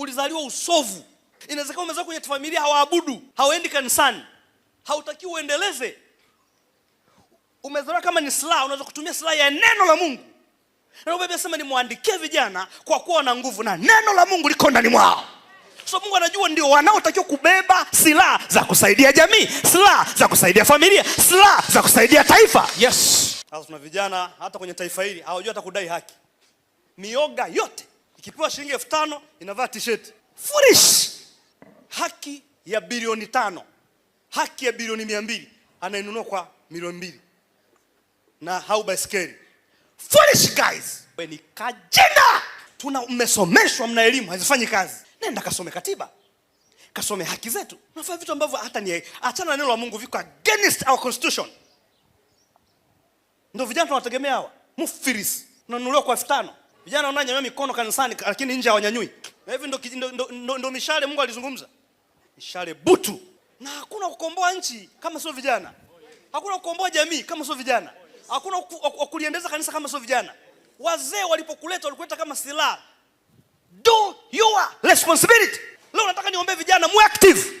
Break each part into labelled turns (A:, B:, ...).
A: ulizaliwa usovu. Inawezekana umezaa kwenye familia hawaabudu, hawaendi kanisani, hautaki uendeleze. Umezaliwa kama ni silaha, unaweza kutumia silaha ya neno la Mungu. Na Biblia inasema nimwandikie vijana kwa kuwa wana nguvu na neno la Mungu liko ndani mwao. So Mungu anajua ndio wanaotakiwa kubeba silaha za kusaidia jamii, silaha za kusaidia familia, silaha za kusaidia taifa. Yes. Sasa tuna vijana hata kwenye taifa hili hawajui hata kudai haki. Mioga yote ikipewa shilingi elfu tano inavaa t-shirt. Foolish. Haki ya bilioni tano, haki ya bilioni mia mbili anainunua kwa milioni mbili na hau baiskeli. Foolish guys, ni kajinda. Tuna mmesomeshwa, mna elimu hazifanyi kazi. Nenda kasome katiba, kasome haki zetu. Nafanya vitu ambavyo hata ni achana na neno la Mungu, viko against our constitution. Ndio vijana tunawategemea hawa mufirisi, unanunuliwa kwa elfu tano Vijana wananyanyua mikono kanisani, lakini nje hawanyanyui. Na hivi ndo ndo, ndo, ndo mishale Mungu alizungumza. Mishale butu. Na hakuna kukomboa nchi kama sio vijana. Hakuna kukomboa jamii kama sio vijana. Hakuna kuliendeza kanisa kama sio vijana. Wazee walipokuleta walikuleta kama silaha. Do your responsibility. Leo nataka niombe vijana mu active.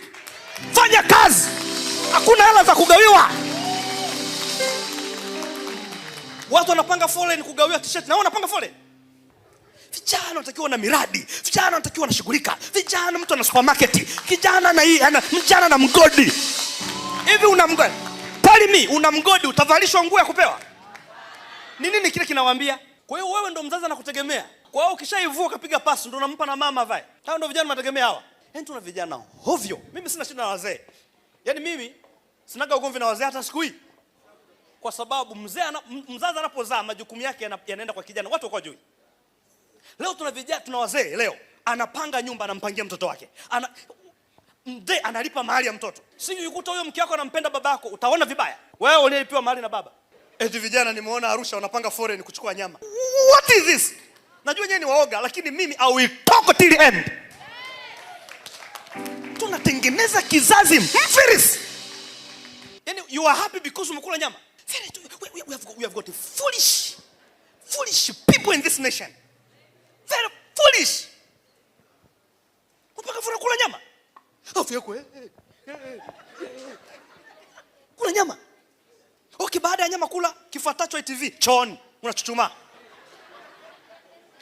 A: Fanya kazi. Hakuna hela za kugawiwa. Watu wanapanga foleni kugawiwa t-shirt. Na wanapanga foleni. Vijana wanatakiwa na miradi, vijana wanatakiwa wanashughulika, vijana mtu ana supermarket, kijana na hii ana mjana na mgodi hivi, una mgodi pali mi una mgodi, utavalishwa nguo ya kupewa ni nini kile kinawaambia? Kwa hiyo wewe ndo mzazi anakutegemea, kwa hiyo ukishaivua ukapiga pasi ndo unampa na mama vae. Hao ndo vijana wanategemea hawa. Yani tuna vijana hovyo. Mimi sina shida na wazee, yani mimi sinaga ugomvi na wazee hata siku hii kwa sababu mzee mzazi anapozaa majukumu yake yanaenda kwa kijana, watu wako juu Leo tuna vijana, tuna wazee leo, anapanga nyumba, anampangia mtoto wake ana, mzee analipa mahali ya mtoto. Sijui ukuta huyo mke wako anampenda baba yako utaona vibaya wewe uliyelipiwa mahali na baba. Eti vijana nimeona Arusha wanapanga foreign kuchukua nyama. What is this? Najua nyewe ni waoga, lakini mimi I will till end. Tunatengeneza kizazi mfiris Yani you are happy because umekula nyama. We have got, we have got foolish, foolish people in this nation very foolish. Mpaka fura kula nyama afya yako eh, eh, eh, eh, Kula nyama okay. Baada ya nyama kula kifuatacho ITV chooni, unachuchuma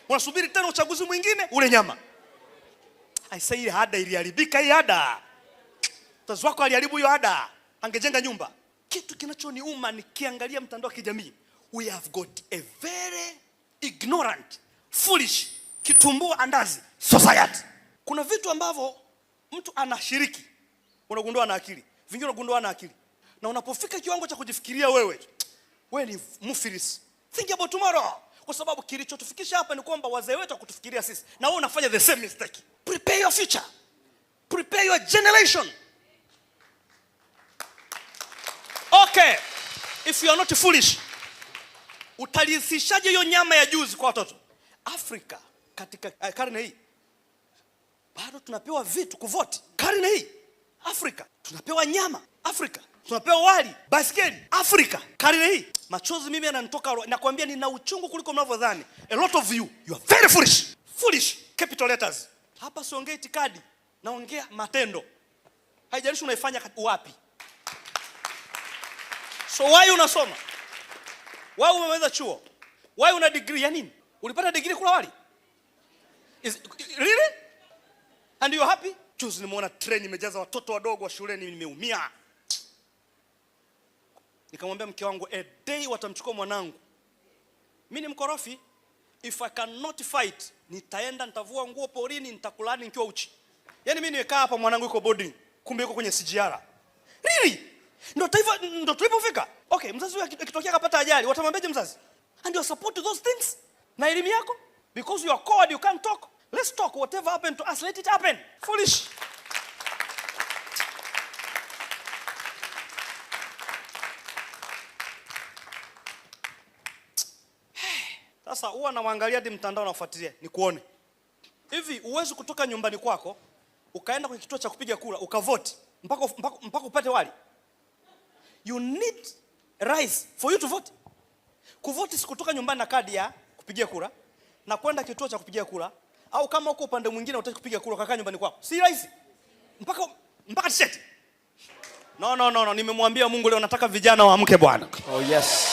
A: unasubiri tena uchaguzi mwingine ule nyama. Aisa, hii ada iliharibika, hii hada mzazi wako aliharibu hiyo ada, angejenga nyumba. Kitu kinachoniuma nikiangalia mtandao wa kijamii, we have got a very ignorant foolish kitumbua andazi society. Kuna vitu ambavyo mtu anashiriki unagundua na akili, vingine unagundua na akili, na unapofika kiwango cha kujifikiria wewe, wewe ni mufilis, think about tomorrow, kwa sababu kilichotufikisha hapa ni kwamba wazee wetu hakutufikiria sisi, na wewe unafanya the same mistake. Prepare your future, prepare your generation. Okay, if you are not foolish, utalisishaje hiyo nyama ya juzi kwa watoto Afrika? katika uh, karne hii bado tunapewa vitu kuvoti. Karne hii Afrika tunapewa nyama Afrika tunapewa wali, baskeli Afrika karne hii. Machozi mimi yananitoka, nakwambia nina uchungu kuliko mnavyodhani. A lot of you you are very foolish foolish, capital letters. Hapa siongee itikadi, naongea matendo, haijalishi unaifanya wapi. So why unasoma? Why umemaliza chuo? Why una degree ya nini? Ulipata degree kula wali? Is, really? And you happy? Juzi nimeona treni imejaza watoto wadogo wa shuleni, nimeumia. Nikamwambia mke wangu a day watamchukua mwanangu. Mimi ni mkorofi, if I cannot fight nitaenda nitavua nguo porini, nitakulaani nikiwa uchi. Yaani mimi nimekaa hapa, mwanangu yuko boarding, kumbe yuko kwenye CGR. Really? Ndio taifa ndio tulipofika. Okay, mzazi akitokea akapata ajali, watamwambiaje mzazi? And you support those things na elimu yako? Because you are cold, you can't talk. Let's talk. Whatever happened to us, let it happen. Foolish. Sasa huwa namwangalia hadi mtandao nafuatilia, nikuone hivi. Uwezi kutoka nyumbani kwako ukaenda kwenye kituo cha kupiga kura ukavoti mpaka, mpaka, mpaka upate wali. You need rice for you to vote. Kuvote si kutoka nyumbani na kadi ya kupigia kura na kwenda kituo cha kupigia kura, au kama uko upande mwingine unataka kupiga kura kaka nyumbani kwako, si rahisi mpaka mpaka tisheti. No, no, no, no. Nimemwambia Mungu leo nataka vijana waamke bwana. Oh, yes.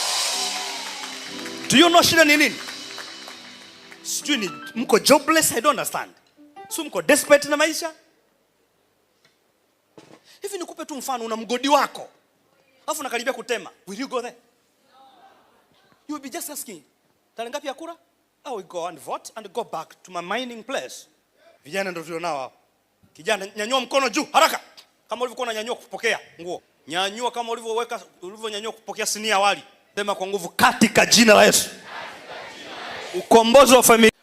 A: Do you know shida ni nini? Sijui ni mko jobless, I don't understand. Si mko desperate na maisha? Hivi nikupe tu mfano, una mgodi wako alafu nakaribia kutema. Will you go there? You will be just asking. Tarehe ngapi ya kura? I will go and vote and go back to my mining place. Vijana ndio tulionao hapa. Kijana, nyanyua mkono juu haraka, kama ulivyokuwa unanyanyua kupokea nguo. Nyanyua kama ulivyoweka ulivyonyanyua kupokea sinia wali. Sema kwa nguvu, katika jina la Yesu, ukombozi wa familia